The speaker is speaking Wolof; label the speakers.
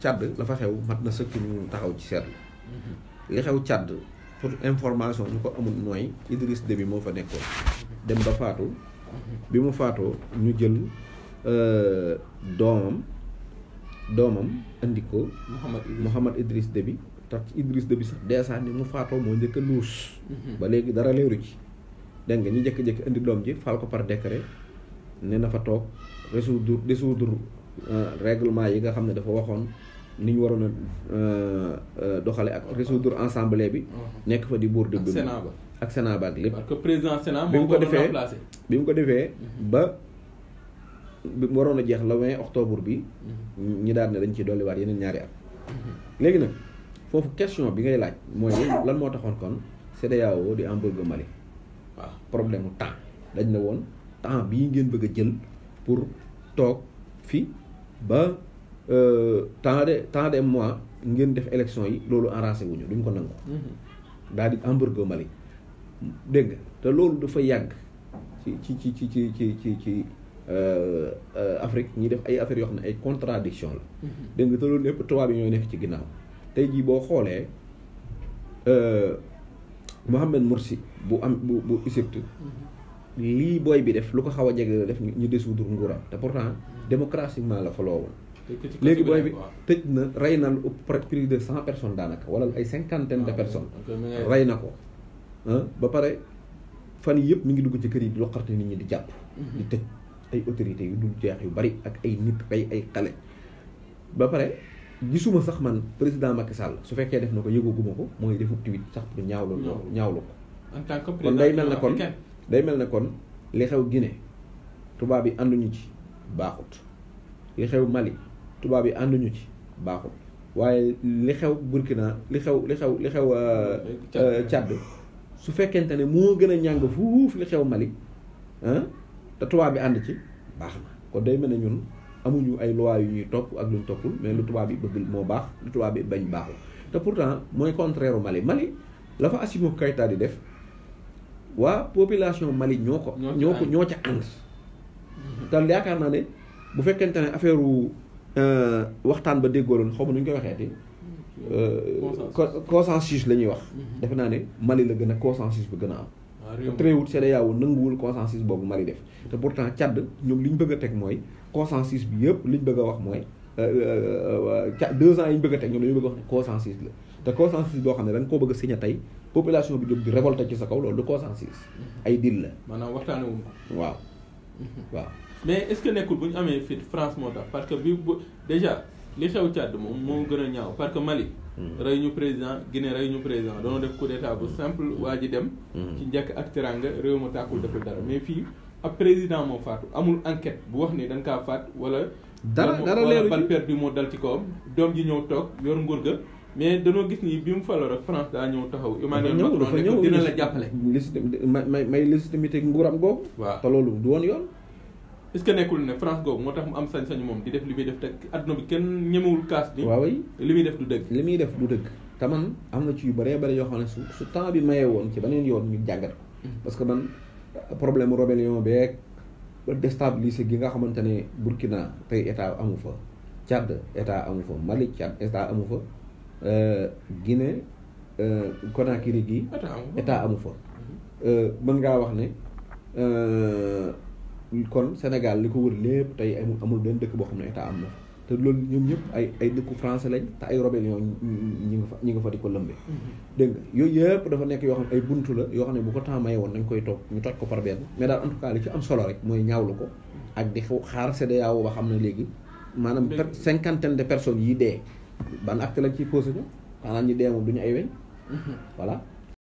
Speaker 1: Tchad la fa xew mat na sëkk ñu taxaw ci seetlu mhm. li xew Tchad pour information ñu ko amul mooy Idriss Déby moo fa nekkoon mhm. dem ba faatu mhm. bi mu faatoo ñu jël euh, doomam doomam indi ko Mouhamad Idriss Déby tax Idriss Déby sax dèjà ni mu faatoo moo njëkk a luus ba léegi dara leeru ci dégg nga ñu jëkk-jëkk indi doom ji fal ko par décret ne na fa toog résoudre résoudre euh, règlement yi nga xam ne dafa waxoon ni ñu waroon a euh, euh, doxale ak résoudre assemblée bi. Uh-huh. nekk fa di buur de bi ak Sénat ba ak lépp. parce que président Sénat moo ko remplacé bi mu ko defee uh-huh. ba bi mu waroon a jeex la 20 octobre bi. Uh-huh. ñi daal ne dañ ciy dolliwaat yeneen ñaari at. léegi nag foofu question bi ngay laaj mooy lan moo taxoon kon CEDEAO di embargo Mali. waaw problème mu temps dañ ne woon temps bii ngeen bëgg a jël pour toog fi ba. Euh, tant de temps de mois ngeen def élection yi loolu arrangé wuñu duñ ko nangu. Mhm. daal di Mali dégg te loolu dafa yàgg ci ci ci ci ci ci ci ci euh, euh, Afrique ñuy def ay affaires yoo xam ne ay contradiction la. Mhm. dégg nga te loolu lépp tubaab yi ñooy nekk ci ginnaaw tey jii boo xoolee Mohamed Morsi bu am bu bu Égypte. Mhm. lii booy bi def lu ko xaw a jege la def ñu dissoudre nguuram te pourtant démocratiquement la fa loowoon léegi booy bi tëj na rey na lu ëpp pris de cent personnes daanaka wala ay cinquantaine de ah, personnes rey na ko ah, ba pare fan yëpp mi ngi dugg ci kër yi di loqarte nit ñi di jàpp mhm. di tëj ay autorité yu dul jeex yu bari ak ay nit ay ay xale ba pare gisuma sax man président Macky Sall su fekkee def na ko yëgaguma ko mooy defu tweet sax pour ñaawlu ñaawlu en tant que président kon day mel ne kon day mel ne kon li xew Guinée tubaab yi ànd ànduñu ci baaxut li xew Mali tubaab yi ànd ànduñu ci baaxul waaye li xew Burkina li xew li xew li xew euh, Tchad euh, su fekkente ne moo gën a ñàng fuuf li xew Mali te tubaab bi ànd ci baax na kon day mel ne ñun amuñu ay loi yu ñuy topp ak luñ toppul mais lu tubaab yi bëgg moo baax lu tubaab bi bañ baaxul te pourtant mooy contraire u Mali Mali la fa Assimi Goïta di def waa population Mali ñoo ko ñoo ko ca ànd te yaakaar naa ne bu fekkente ne affaire Euh, waxtaan ba déggooloon xaw ma nu ñu koy waxeeti euh, consensus la ñuy wax mhm. defe naa ne Mali la gën a consensus bu gën a am tréwut ah, CEDEAO nanguwul consensus boobu Mali def te pourtant Tchad ñoom li ñu bëgg a teg mooy consensus bi yëpp li ñu bëgg a wax mooy euh, ca deux ans yi ñu bëgg a teg ñoom dañu bëgg a wax ne consensus la te consensus boo xam ne da nga koo bëgg a signé tey population bi jóg di révolté ci sa kaw loolu du consensus mhm. ay deal la maanaam waxtaane wuñ waaw mhm. waaw mais est-ce que nekkul bu ñu amee fit France moo tax parce que bi bu déjà li xew Tchad moom moo gën a ñaaw parce que Mali. Hmm. rey ñu président Guinée rey ñu président doon def coup d'état bu simple waa ji dem. Hmm. ci njëkk ak teranga réew ma tàkkul deful dara mais fii ab président moo faatu amul enquête bu wax ni dañ kaa faat wala. dara dara leeru wala bal perdu moo dal ci kawam doom ji ñëw toog yor nguur ga. mais danoo gis ni bi mu faloo rek France daa ñëw taxaw. Emmanuel Macron dina la jàppale. légitimité may may légitimité nguuram googu. waaw te loolu du woon est-ce que nekkul ne France googu moo tax mu am sañ-sañu moom di def li muy def te adduna bi kenn ñemewul kaas ni waaw li muy def du dëgg li muy def du dëkk te man am na ci yu bare bëri yoo xam ne su temps bi mayee woon ci beneen yoon ñu jàngat ko mm-hmm. parce que man problème rébellion beeg déstabiliser gi nga xamante ne Burkina tey état amu fa Tchad état amu fa Mali Tchad état amu fa euh, Guinée euh, Conakry gi état amu fa mm-hmm. euh, mën ngaa wax ne kon Sénégal li ko wër lépp tey amul amul benn dëkk boo xam ne état am na te loolu ñoom ñëpp ay ay dëkku lañ te ay rébellion ñi nga fa ñi nga fa di ko lëmbee. Mm-hmm. dégg yooyu yëpp dafa nekk yoo xam ne ay buntu la yoo xam ne bu ko temps maye woon nañ koy toog ñu toj ko par benn mais daal en a cas li ci mooy ñaawlu ko ak di xaar CEDEAO ba xam na léegi maanaam cinquantaine de personnes yi dee ban acte lañ ciy posé ñu xanaa ñi dee moom du ñu ay weñ mm-hmm. voilà